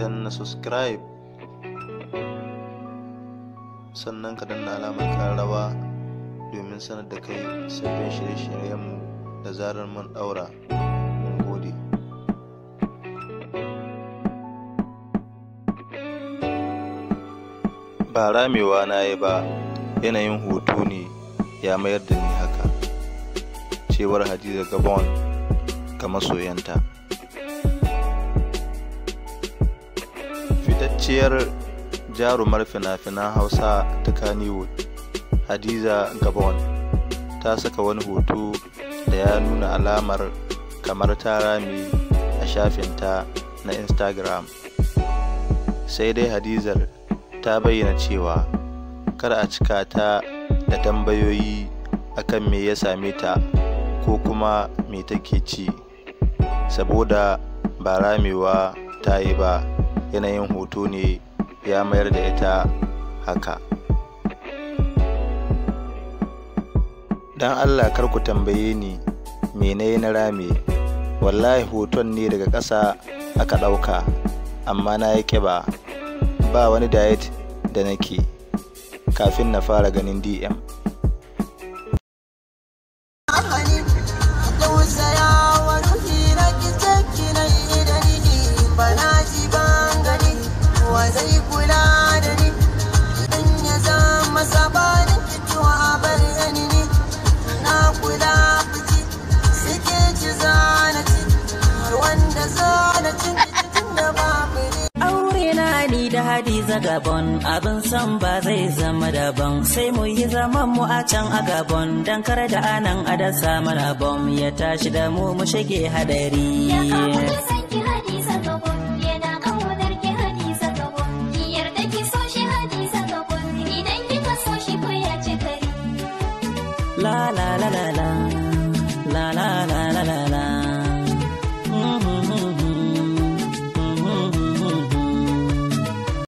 dan na subscribe sannan ka danna alamar rawa domin sanar da kai sabbin shirye-shiryenmu da zarar mun daura ba ramewa na yi ba yanayin hutu ne ya mayar da ni haka cewar hadiza gabon ga masoyanta ciyar jarumar fina-finan hausa ta kaniwood hadiza gabon ta saka wani hoto da ya nuna alamar kamar ta rami a shafinta na instagram sai dai hadizar ta bayyana cewa kar a cika ta da tambayoyi akan me ya same ta ko kuma me take ci saboda ba ramewa ta yi ba yanayin hoto ne ya mayar da ita haka dan allah kar ku tambaye ni mene na rame wallahi hoton ne daga ƙasa aka ɗauka amma na yi ƙiba ba wani diet da nake kafin na fara ganin dm wa zai kula da ni idan ya zama sabanin fitowa a bar ni na kula fiti suke ci zana ci wanda zana cin tun da babu ne aure na ni da hadiza gabon abin san ba zai zama daban sai muyi zaman mu a can a gabon dan kar da anan a dasa mana bom ya tashi da mu mu shige haɗari. la la la la